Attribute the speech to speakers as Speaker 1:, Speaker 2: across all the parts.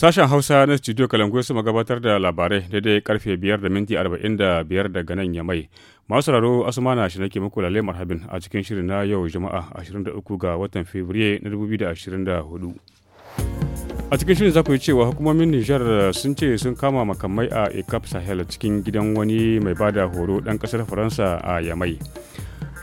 Speaker 1: Sashen Hausa na Studio Kalangu su gabatar da labarai daidai karfe 5 da minti 45 daga nan ya mai. Masu sauraro Asumana shi nake muku lalle marhabin a cikin shirin na yau Juma'a 23 ga watan Fabrairu na 2024. A cikin shirin za ku yi cewa hukumomin Nijar sun ce sun kama makamai a Ecap Sahel cikin gidan wani mai bada horo dan kasar Faransa a Yamai.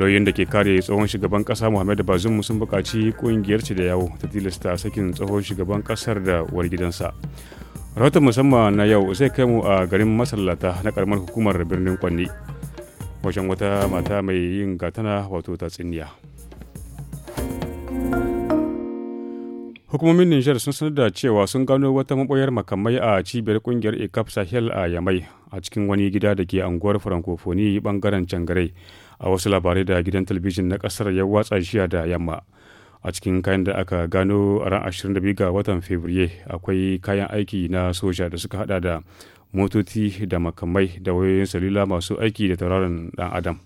Speaker 1: lauyoyin da ke kare tsohon shugaban kasa muhammed bazum sun buƙaci ƙungiyar ci da yawo ta tilasta sakin tsohon shugaban kasar da wargidansa gidansa rahoton musamman na yau zai kai mu a garin masallata na karamar hukumar birnin kwanni wajen wata mata mai yin gatana wato tatsiniya hukumomin nijar sun sanar da cewa sun gano wata maboyar makamai a cibiyar kungiyar ecap sahel a yamai a cikin wani gida da ke anguwar francophonie bangaren cangare a wasu labarai da gidan talabijin na kasar ya watsa jiya da yamma a cikin kayan da aka gano a ran 22 ga watan fabriye akwai kayan aiki na soja da suka hada da motoci da makamai da wayoyin salula masu aiki da tauraron dan adam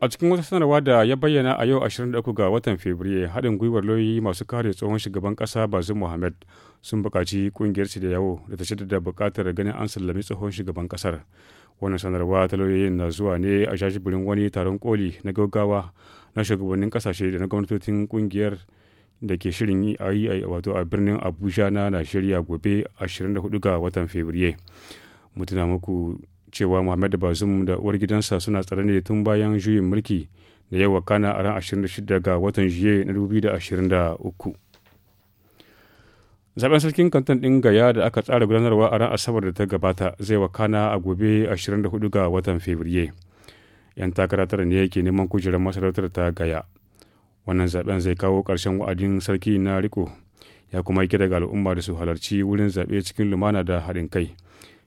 Speaker 1: A cikin wata sanarwa da ya bayyana a yau 23 ga watan Fabrairu, haɗin gwiwar lauyoyi masu kare tsohon shugaban ƙasa Bazum Mohammed sun buƙaci ƙungiyar su da yawo da ta da buƙatar ganin an sallami tsohon shugaban ƙasar. Wannan sanarwa ta lauyoyin na zuwa ne a shashibirin wani taron koli na gaggawa na shugabannin ƙasashe da na gwamnatocin ƙungiyar da ke shirin yi a yi wato a birnin Abuja na Najeriya gobe 24 ga watan Fabrairu. Mutuna muku cewa muhammad bazum da uwar gidansa suna tsare ne tun bayan juyin mulki da yawa kana a ran 26 ga watan juye na 2023 zaben sarkin kantan ɗin gaya da aka tsara gudanarwa a ran asabar da ta gabata zai wakana a gobe 24 ga watan fabriye yan takara tara ne yake neman kujerar masarautar ta gaya wannan zaben zai kawo karshen wa'adin sarki na riko ya kuma kira ga al'umma da su halarci wurin zaɓe cikin lumana da haɗin kai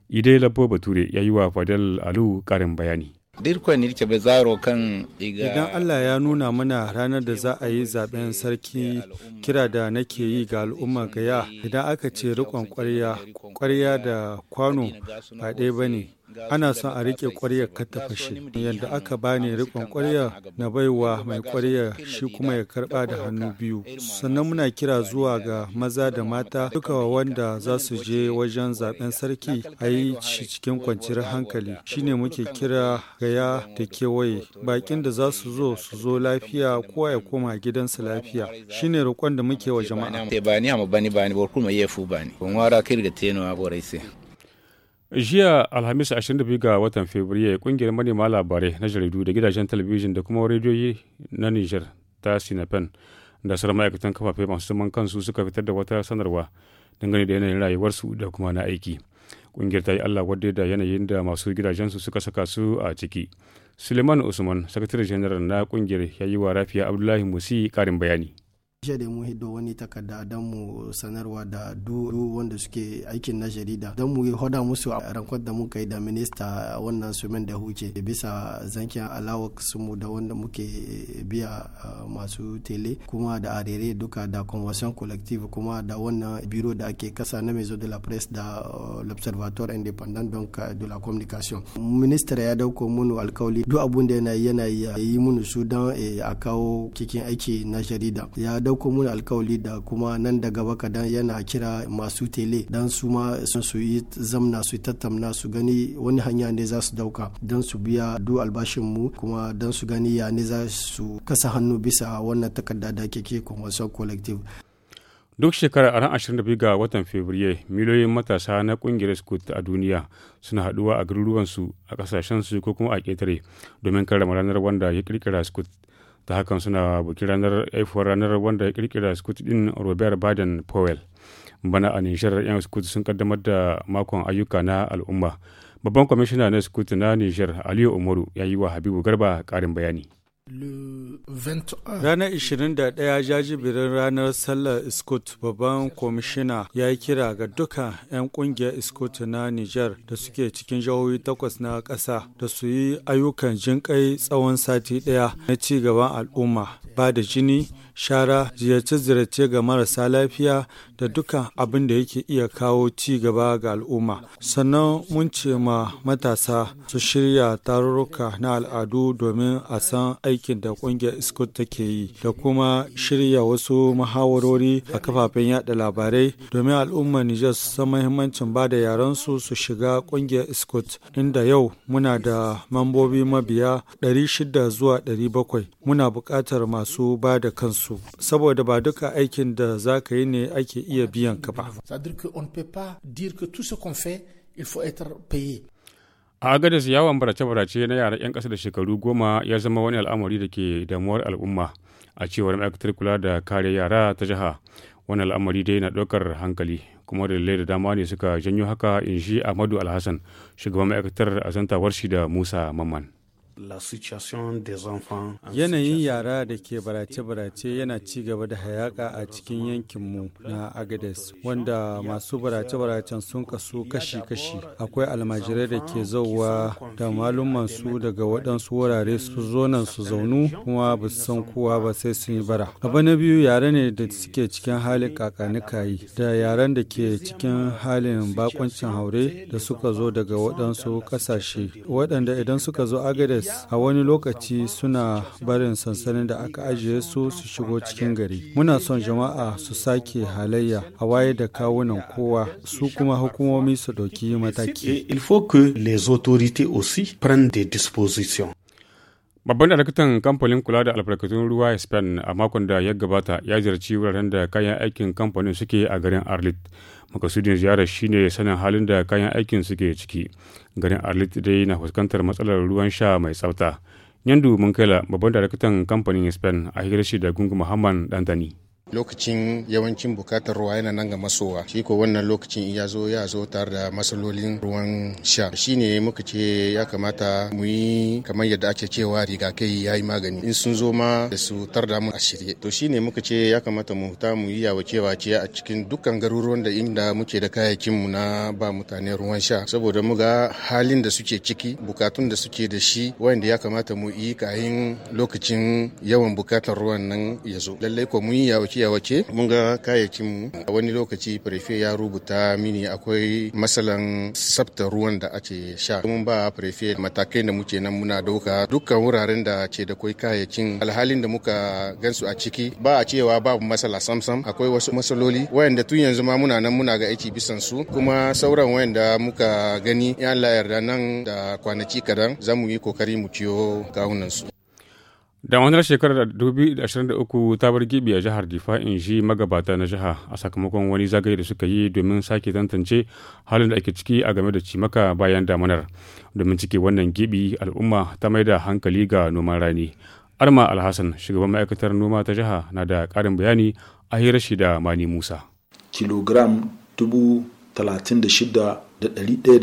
Speaker 1: Idai Labo Bature ya yi wa fadal Alu karin bayani.
Speaker 2: Idan Allah ya nuna mana ranar da za a yi zaben sarki kira da nake yi ga al'umma gaya idan aka ce rikon kwarya da kwano ba ɗaya ba ne ana son a riƙe ƙwaryar ka ta fashe yadda aka bani rikon ƙwarya na baiwa mai ƙwarya shi kuma ya karɓa da hannu biyu sannan muna kira zuwa ga maza da mata duka wanda za su je wajen zaben sarki a yi shi cikin kwanciyar hankali shine muke kira gaya da kewaye bakin da za su zo su zo lafiya kowa ya koma gidansa lafiya shine roƙon da muke wa jama'a
Speaker 1: jiya alhamis 22 ga watan fabrairu kungiyar manema labarai na jaridu da gidajen talabijin da kuma rediyoyi na niger ta sinapen da sauran ma'aikatan kafafe masu zaman kansu suka fitar da wata sanarwa dangane da yanayin rayuwarsu da kuma na aiki kungiyar ta yi allah wadda da yanayin da masu gidajensu suka saka su a ciki suleiman usman sakataren janar na kungiyar ya yi wa rafiya abdullahi musi karin bayani
Speaker 3: jiya da mu hiddo wani takarda don mu sanarwa da duk wanda suke aikin na jarida don mu hoda musu a rankon da muka yi da minista wannan sumen da huce bisa zankin alawak sumu da wanda muke biya masu tele kuma da arere duka da convention collective kuma da wannan biro da ake kasa na mezo de la presse da l'observatoire independent donc de la communication ministar ya dauko munu alkawali duk abun da yana yi yana yi munu su don eh, a kawo cikin aiki na jarida ya dauko mun alkawali da kuma nan da gaba kadan yana kira masu tele dan su ma su yi zamna su tattauna su gani wani hanya ne za su dauka dan su biya du albashin mu kuma dan su gani ya ne za su kasa hannu bisa wannan takarda da keke convention collective
Speaker 1: duk shekara a ran 22 ga watan fabriye miliyoyin matasa na kungiyar scout a duniya suna haduwa a garuruwansu a kasashensu ko kuma a ketare domin karrama ranar wanda ya kirkira scout ta hakan suna buki ranar haifuwar ranar wanda ya kirkira skuti din robert baden powell bana a nishar yan skuti sun kaddamar da makon ayyuka na al'umma babban kwamishina na skuti na nishar aliyu umaru ya yi wa habibu garba karin bayani
Speaker 3: Ranar
Speaker 2: 21 jajibirin ranar Sallar Iskut babban kwamishina ya yi kira ga duka 'yan kungiyar Iskut na Nijar da suke cikin jihohi takwas na ƙasa da su yi ayyukan jinƙai tsawon sati ɗaya na ci gaban al'umma ba da jini shara ziyarce-ziyarce ga marasa lafiya da dukkan abin da yake iya kawo ci gaba ga al'umma sannan mun ce ma matasa su shirya tarurruka na al'adu domin a san aikin da kungiyar iskut take yi da kuma shirya wasu mahawarori a kafafen yada labarai domin al'ummar nijar su san mahimmancin ba da yaran su su shiga kungiyar iskut inda yau muna da mambobi mabiya 600 zuwa 700 muna bukatar masu ba da kansu su saboda ba duka aikin da za
Speaker 1: ka yi ne ake iya biyan ka ba. A agadis yawon barace-barace na yara 'yan ƙasa da shekaru goma ya zama wani al'amari da ke damuwar al'umma a cewar ma'aikatar kula da kare yara ta jiha. Wani al'amari dai na ɗaukar hankali kuma dalilai da dama ne suka janyo haka in shi Ahmadu Alhassan shugaban ma'aikatar a zantawar shi da Musa Mamman.
Speaker 2: Yanayin yara da ke barace-barace yana ci gaba da hayaka a cikin yankinmu na Agades, wanda masu barace-baracen sun kasu kashi-kashi. Akwai almajirai da ke zauwa da su daga waɗansu wurare su zo nan su zaunu kuma ba su san kowa ba sai sun yi bara. Abu na biyu yare ne da suke cikin halin kakanikayi da yaren da ke cikin halin bakoncin haure da suka zo daga waɗansu ƙasashe waɗanda idan suka zo Agades a wani lokaci suna barin sansanin da aka ajiye su su shigo cikin gari muna son jama'a su sake halayya a waye da kawunan kowa su kuma hukumomi su ɗauki mataki il faut que les autorités aussi prennent des dispositions
Speaker 1: Babban daraktan kamfanin kula da albarkatun ruwa Spain a makon da ya gabata ya ziyarci wuraren da kayan aikin kamfanin suke a garin Arlit. Makasudin ziyarar shine sanin halin da kayan aikin suke ciki. Garin Arlit dai na fuskantar matsalar ruwan sha mai tsafta. Yandu Munkela, babban daraktan kamfanin Spain a hirar shi da Gungu Muhammad Dantani.
Speaker 3: lokacin yawancin bukatar ruwa yana nan ga masowa shi ko wannan lokacin ya zo ya zo tare da matsalolin ruwan sha ne muka ce ya kamata mu yi kamar yadda ake cewa rigakai ya yi magani in sun zo ma da su tar da mu a shirye to shine muka ce ya kamata mu ta mu yi yawa cewa ce a cikin dukkan garuruwan da inda muke da kayayyakin mu na ba mutane ruwan sha saboda mu ga halin da suke ciki bukatun da suke da shi wanda ya kamata mu yi kayan lokacin yawan bukatar ruwan nan ya zo lallai ko mu yi yawa lafiya wace mun ga kayayyakin mu a wani lokaci prefe ya rubuta mini akwai masalan tsaftar ruwan da ake sha mun ba prefe matakai da muke nan muna dauka dukkan wuraren da ce da kai kayayyakin alhalin da muka gansu a ciki ba a cewa babu masala samsam akwai wasu masaloli wayanda tun yanzu ma muna nan muna ga aiki bisan su kuma sauran wayanda muka gani ya Allah yarda nan da kwanaki kadan zamu yi kokari mu ciyo kawunan su
Speaker 1: damanar shekarar 2023 ta bar gibi a jihar difa in shi magabata na jiha a sakamakon wani zagaye da suka yi domin sake tantance halin da ake ciki a game da cimaka bayan damanar domin cike wannan gibi al'umma ta mai da hankali ga noman rani arma alhassan shugaban ma'aikatar noma ta jiha na da karin bayani a hirar shi da mani musa
Speaker 2: kilogram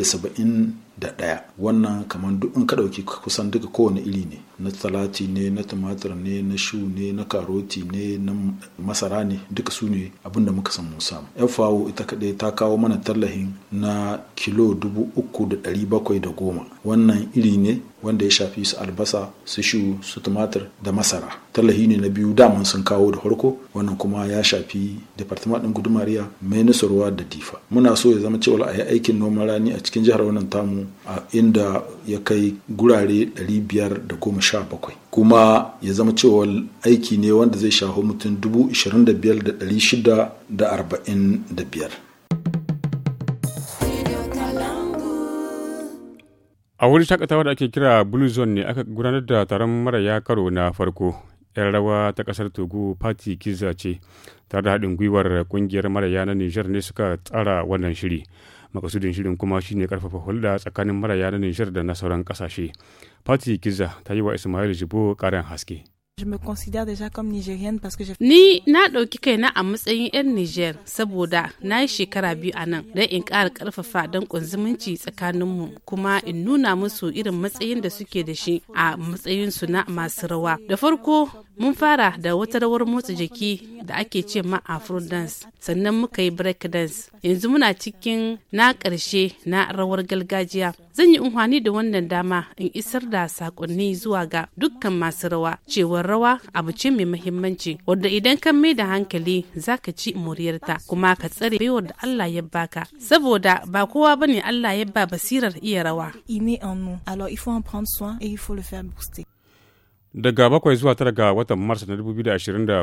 Speaker 2: saba'in. da ɗaya wannan kamar duk in ka ɗauki kusan duka kowane iri ne na talati ne na tumatir ne na shu ne na karoti ne na masara ne duka su ne da muka san mu samu fawo ita kaɗai ta kawo mana tallahin na kilo dubu uku da ɗari bakwai da goma wannan iri ne wanda ya shafi su albasa su shu su tumatir da masara tallahi ne na biyu daman sun kawo da farko wannan kuma ya shafi departement din gudumariya mai nasarwa da difa muna so ya zama cewa a yi aikin noman rani a cikin jihar wannan tamu a inda ya kai gurare 517 kuma ya zama cewa aiki ne wanda zai shafi mutum 25,645
Speaker 1: a wurin shakatawa da ake kira blue zone ne aka gudanar da taron maraya karo na farko yan rawa ta kasar togo party kiza ce tare da haɗin gwiwar kungiyar maraya na niger ne suka tsara wannan shiri makasudin shirin kuma shine karfafa hulɗa tsakanin maraya na niger da na sauran ƙasashe party kiza ta yi wa ismail jibo ƙarin haske
Speaker 4: Ni na ɗauki kaina a matsayin 'yan Nijar saboda na yi shekara biyu a nan don in ƙara ƙarfafa don zumunci tsakaninmu kuma in nuna musu irin matsayin da suke da shi a matsayin su na masu rawa. Da farko mun fara da wata rawar motsa jiki da ake ce ma Afro dance sannan muka yi break dance. Yanzu muna cikin na karshe na rawar gargajiya. Zan yi amfani da wannan dama in isar da saƙonni zuwa ga dukkan masu rawa cewar rawa abu ce mai muhimmanci wanda idan ka mai da hankali za ka ci muryarta kuma ka tsare baiwar da Allah ya baka saboda ba kowa bane Allah ya ba basirar iya rawa. Il met en nous. Alors il faut en prendre soin et il faut le faire booster.
Speaker 1: daga bakwai zuwa tara ga watan mars na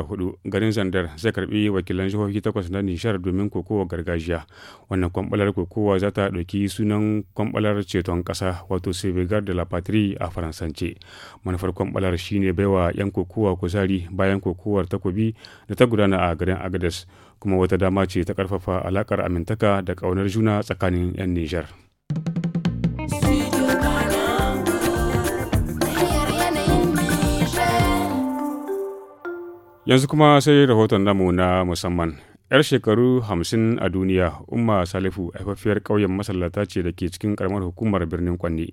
Speaker 1: hudu, garin zandar zai karbi wakilan jihohi takwas na nishar domin kokowa gargajiya wannan kwambalar kokowa za ta ɗauki sunan kwambalar ceton ƙasa wato sevegar de la patrie a faransance manufar kwambalar shine baiwa 'yan kokowa kuzari bayan kokowar takobi da ta gudana a garin agadas kuma wata dama ce ta ƙarfafa alaƙar amintaka da ƙaunar juna tsakanin 'yan nijar Yanzu kuma sai rahoton namu na musamman. 'Yar shekaru hamsin a duniya, Umma Salifu haifafiyar ƙauyen masallata ce da ke cikin ƙaramar hukumar birnin Kwanne.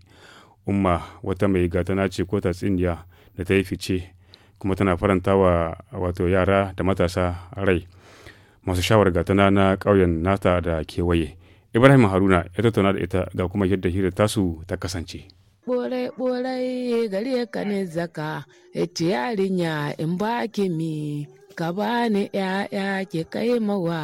Speaker 1: Umma wata mai gatana ce ko tatsiniya da ta yi fice kuma tana faranta wa wato yara da matasa rai. Masu shawar gatana na ƙauyen nata da kewaye. Ibrahim Haruna ya tattauna da ita ga kuma yadda hira tasu ta kasance.
Speaker 4: borai-borai gare ka ne zaka, ce yarinya in e ba mi. Ka ni ‘ya'ya ki kai mawa,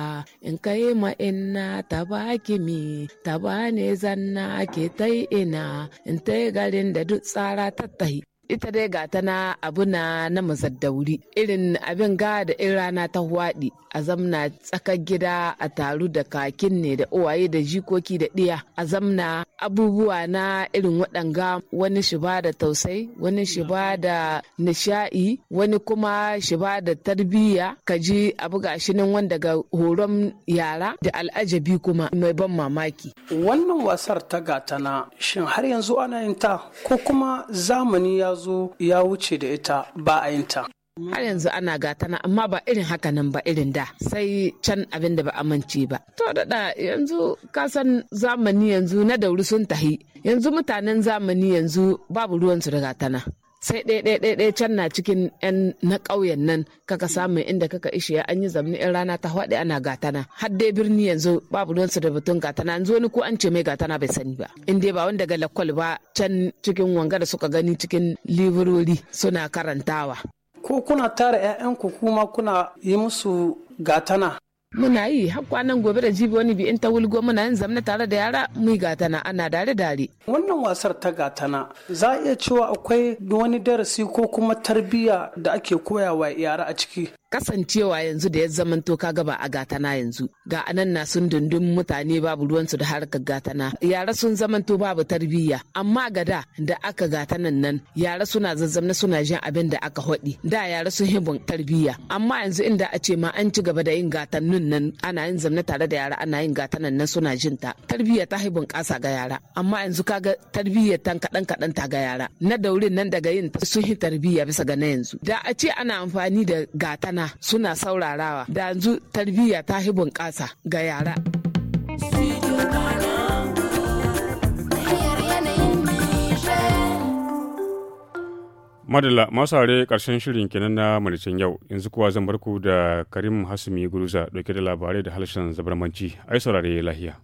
Speaker 4: in kai ma ina ta ki mi, ta ni zanna ki tai ina, in tai garin da duk tsara tattahi. ita dai ga tana na abu na na mazaddauri irin abin ga da in rana ta hwaɗi a zamna tsakar gida a taru da kakin ne da uwaye da jikoki da ɗiya a zamna abubuwa na irin waɗanga wani shi ba da tausai wani shi ba da nishaɗi wani kuma shi ba da tarbiyya ka ji abu ga nan wanda ga horon yara da al'ajabi kuma mai ban mamaki
Speaker 3: wannan wasar ta
Speaker 4: gatana shin har yanzu ana yin ta ko kuma zamani ya zo ya wuce da ita ba a yin ta har yanzu ana gatana amma ba irin haka nan ba irin da sai can abin da ba amince ba to da yanzu kasan zamani yanzu na dauri sun tahi yanzu mutanen zamani yanzu babu ruwansu da gatana sai ɗaya ɗaya ɗaya can na cikin yan na ƙauyen nan kaka samun inda kaka ishiya an yi zamani 'yan rana ta haɗe ana gatana har dai birni yanzu babu su da batun gatana yanzu wani ko an ce mai gatana bai sani ba in dai ba wanda ga lakwal ba can cikin wanga da suka gani cikin librori suna karantawa ko kuna tara 'ya'yanku kuma kuna yi musu gatana muna yi har kwanan gobe da jibi wani bi in ta wulgo muna yin zamna tare da yara mu gatana ana dare dare wannan wasar ta gatana za a iya cewa akwai wani darasi ko kuma tarbiyya da ake koyawa yara a ciki kasancewa yanzu da ya to kaga ba a gatana yanzu ga anan na sun dundun mutane babu ruwansu da harkar gatana yara sun to babu tarbiyya amma ga da da aka gatanan nan yara suna zazzamna suna jin abin da aka hodi da yara sun hibin tarbiyya amma yanzu inda a ce ma an ci gaba da yin gatannin nan ana yin zamna tare da yara ana yin gatanan nan suna jin ta tarbiyya ta yi kasa ga yara amma yanzu kaga tarbiyya tan kadan kadan ta ga yara na daurin nan daga yin sun hi tarbiyya bisa ga na yanzu da a ce ana amfani da gatana. rana suna saurarawa da yanzu tarbiyya ta hi bunƙasa ga yara.
Speaker 1: madala masu are ƙarshen shirin kenan na malicin yau yanzu kuwa zan barku da Karim Hasumi Guruza dauke da labarai da harshen zabarmanci ai saurare lahiya.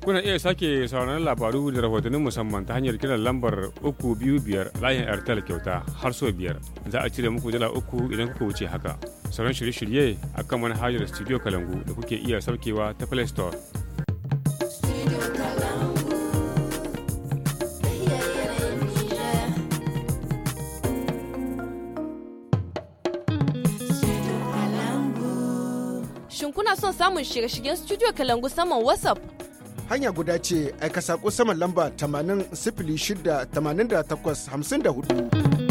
Speaker 1: Kuna iya sake sauran labaru da rahotannin musamman ta hanyar kiran lambar 325 layin Airtel kyauta har so biyar. Za a cire muku dala uku idan kuka wuce haka. Sauran shirye-shirye a kan manhajar Studio Kalangu da kuke iya saukewa ta Play Store.
Speaker 4: Shin kuna son samun shirye-shiryen Studio Kalangu saman WhatsApp?
Speaker 3: hanya guda ce aika saƙo saman lamba 80 68 54.